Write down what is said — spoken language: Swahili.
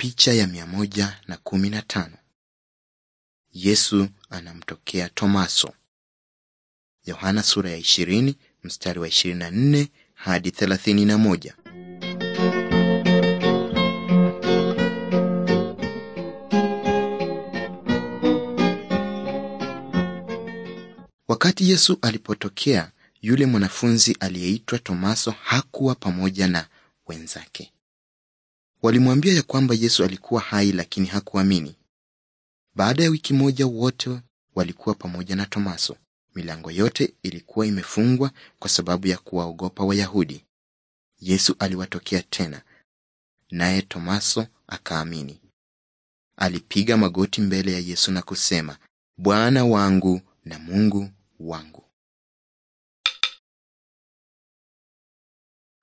Picha ya mia moja na kumi na tano. Yesu anamtokea Tomaso. Yohana sura ya ishirini mstari wa ishirini na nne hadi thelathini na moja. Wakati Yesu alipotokea, yule mwanafunzi aliyeitwa Tomaso hakuwa pamoja na wenzake. Walimwambia ya kwamba Yesu alikuwa hai lakini hakuamini. Baada ya wiki moja wote walikuwa pamoja na Tomaso. Milango yote ilikuwa imefungwa kwa sababu ya kuwaogopa Wayahudi. Yesu aliwatokea tena, naye Tomaso akaamini. Alipiga magoti mbele ya Yesu na kusema, Bwana wangu na Mungu wangu.